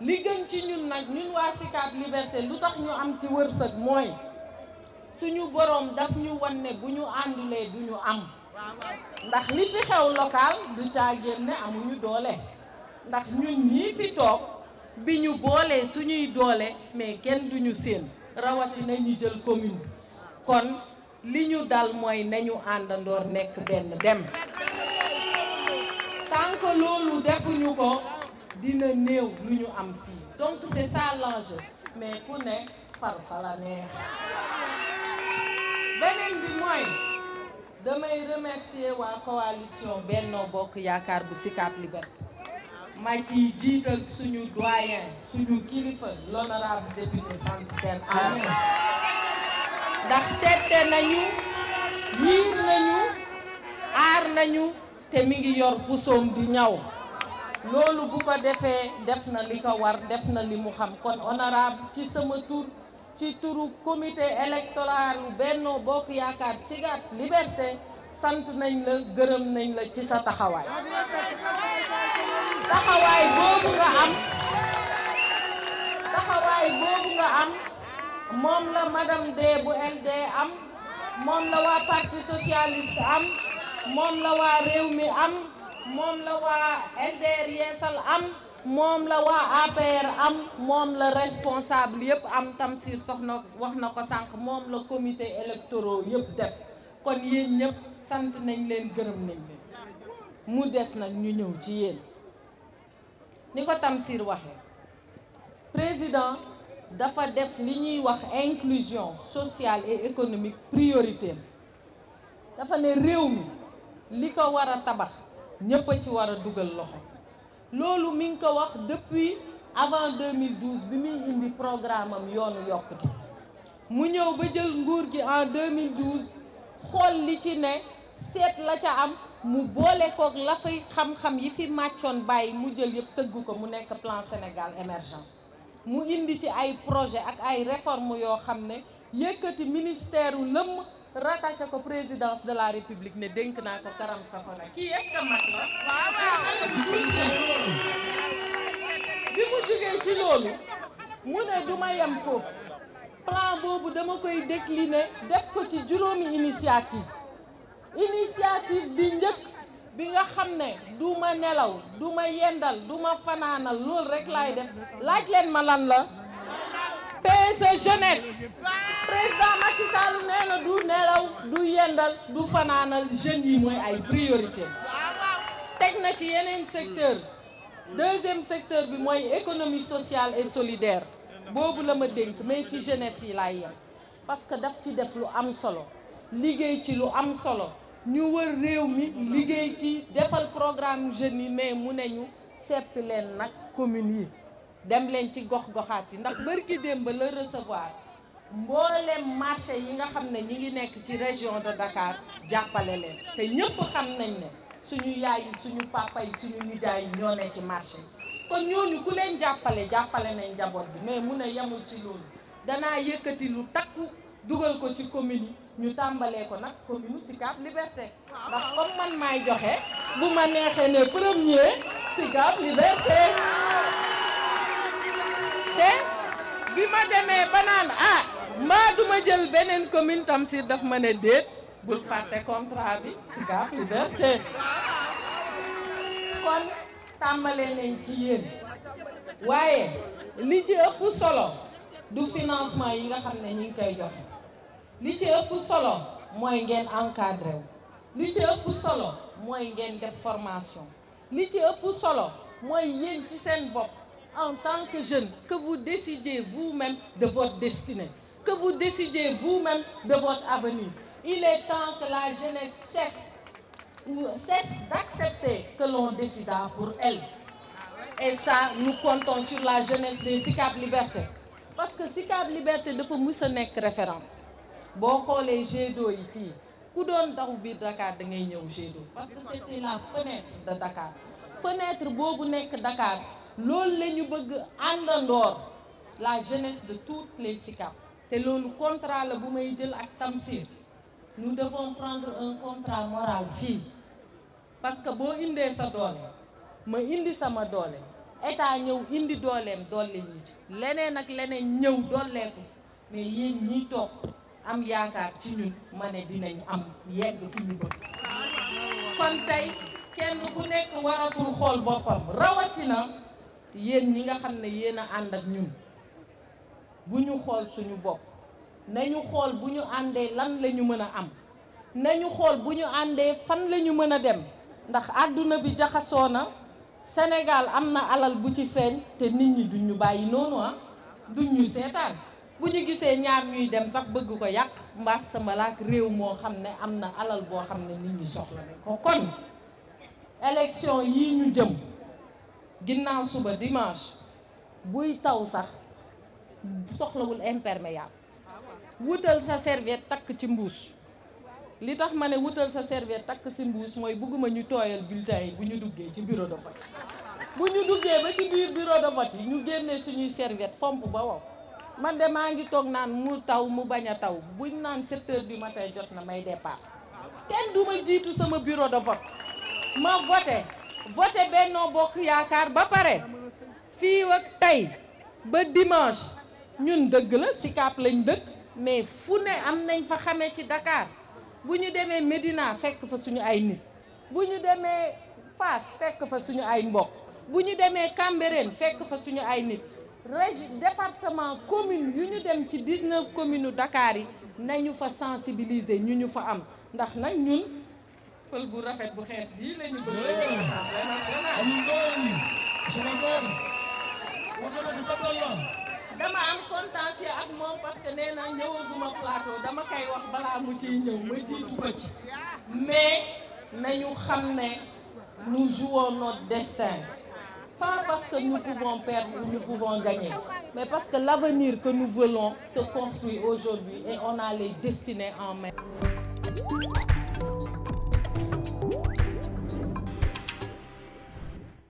li gën ci ñun nag ñun waa Sicap Liberté lu tax ñu am ci wërsëg mooy suñu boroom daf ñu wan bu ñu àndulee du ñu am ndax li fi xew local du caa génne amuñu doole ndax ñun ñii fi toog bi ñu boolee suñuy doole mais kenn duñu séen rawatina ñu jël commune kon li ñu dal mooy nañu àndandoor nekk benn dem tant que defuñu ko dina néew lu ñu am fii donc c'est ça mais ku ne faru fa la beneen bi mooy damay remercier waa coalition Benno Bokk Yaakaar bu Sicap Liberté ma ci jiital suñu doyen suñu kilifa l'honorable député sant seen am ndax tette nañu yiir nañu aar nañu te mi ngi yor busoom di ñaw loolu bu ko defee def na li ko war def na li mu xam kon honorable ci sama tur ci turu comité électoral Benno Bokk Yaakaar Sicap Liberté sant nañ la gërëm nañ la ci sa taxawaay taxawaay boobu nga am moom la madame D bu LD am moom la waa parti socialiste am moom la waa réew mi am moom la waa LDR yeesal am moom la waa APR am moom la responsable yëpp am Tamsir soxna wax na ko sànq moom la comité électoraux yëpp def kon yéen ñëpp sant nañ leen gërëm nañ leen mu des nag ñu ñëw ci yéen ni ko Tamsir waxee président dafa def li ñuy wax inclusion sociale et économique priorité dafa ne réew mi li ko war a tabax ñëpp a ci war a dugal loxo loolu mi ngi ko wax depuis avant 2012 bi muy indi programme am yoonu yokkute mu ñëw ba jël nguur gi en 2012 xool li ci ne seet la ca am mu boole la fay xam-xam yi fi màccoon bàyyi mu jël yëpp tëgg ko mu nekk plan Sénégal émergent mu indi ci ay projet ak ay réforme yoo xam ne yëkkati ministère u lëmm rattaché ko présidence de la république ne dénk naa ko Karam Safara kii est-ce que mat bi mu jógee ci loolu mu ne du yem foofu plan boobu dama koy décliner def ko ci juróomi initiative initiative bi njëkk bi nga xam ne du ma nelaw du ma yendal du ma fanaanal loolu rek laay def laaj leen ma lan la PSE jeunesse président Macky nee na du nelaw du yendal du fanaanal jeunes yi mooy ay priorité teg na ci yeneen secteur deuxième secteur bi mooy économie sociale et solidaire boobu la ma dénk mais ci jeunesse yi laay yem parce que daf ci def lu am solo liggéey ci lu am solo ñu wër réew mi liggéey ci defal programme jeunes yi mais mu ne ñu seppi leen nag commune yi dem leen ci gox-goxaat yi ndax bërki démb la recevoir mboolem marché yi nga xam ne ñi ngi nekk ci région de Dakar jàppale leen te ñëpp xam nañ ne suñu yaay yi suñu papa yi suñu nijaay yi ñoo ne ci marché kon ñooñu ku leen jàppale jàppale nañ njaboot bi mais mu ne yemul ci loolu danaa yëkkati lu takku dugal ko ci commune yi ñu tàmbalee ko nag commune Sicap Liberté ndax comme man maay joxe bu ma neexee ne premier Sicap Liberté te bi ma demee ba naan ah maa duma jël beneen commune Tamsir daf ma ne déet bul fàtte contrat bi Sicap Liberté kon tàmbalee nañ ci yéen waaye li ci ëpp solo du financement yi nga xam ne ñu ngi koy joxe li ci ëpp solo mooy ngeen encadré wu li ci ëpp solo mooy ngeen def formation li ci ëpp solo mooy yéen ci seen bopp en tant que jeune que vous décidiez vous-même de votre destinée que vous décidiez vous-même de votre avenir il est temps que la jeunesse cesse ou cesse d'accepter que l'on décida pour elle et ça nous comptons sur la jeunesse des Sicap Liberté parce que Sicap Liberté dafa mus a nekk référence boo xoolee jet yi fii ku doon daw biir Dakar da ñëw jet parce que c'était la fenêtre de Dakar fenêtre boobu nekk Dakar loolu la ñu bëgg àndandoor la jeunesse de tout les SICAP te loolu contrat la bu may jël ak Tamsir nous devons prendre un contrat moral fii parce que boo indee sa doole ma indi sama doole état ñëw indi dooleem doole ñu ci leneen ak leneen ñëw dooleeku mais yéen ñiy toog am yaakaar ci ñun ma dinañ am yegg kon tey kenn ku nekk waratul xool boppam rawatina yéen ñi nga xam ne yéen a ànd ak ñun bu ñu xool suñu bopp nañu xool bu ñu àndee lan la ñu mën a am nañu xool bu ñu àndee fan la ñu mën a dem ndax àdduna bi jaxasoo na Sénégal am na alal bu ci feeñ te nit ñi duñ ñu bàyyi noonu ah duñ ñu seetaan bu ñu gisee ñaar ñuy dem sax bëgg ko yàq mbaat sama mbalaak réew moo xam ne am na alal boo xam ne nit ñi soxla ne ko kon élection yi ñu jëm ginnaaw suba dimanche buy taw sax soxlawul imperméable wutal sa serviette takk ci mbuus li tax ma ne wutal sa serviette takk ci mbuus mooy bëgguma ñu tooyal bulletin yi bu ñu duggee ci bureau de vote bu ñu duggee ba ci biir bureau de vote yi ñu génnee suñuy serviette fomp ba wow man de maa ngi toog naan mu taw mu bañ a taw buñ naan 7 bi ma matin jot na may départ kenn du jiitu sama biro de vote ma voté voté Benno Bokk Yaakaar ba pare fii ak tey ba dimanche ñun dëgg la Sicap lañ dëkk mais fu ne am nañ fa xamee ci Dakar bu ñu demee Médina fekk fa suñu ay nit bu ñu demee Fass fekk fa suñu ay mbokk bu ñu demee Cambérène fekk fa suñu ay nit régi département commune yu ñu dem ci 19 communes u Dakar yi na ñu fa sensibiliser ñu ñu fa am ndax nag ñun pël bu rafet bu xees bii la ñu dama am contentieux ak moom parce que nee na ñëwaguma plateau dama koy wax balaa mu ciy ñëw ma jiitu ko ci mais na ñu xam ne nous jouons notre destin pas parce que nous pouvons perdre ou nous pouvons gagner, mais parce que l'avenir que nous voulons se construit aujourd'hui et on a les destinées en main.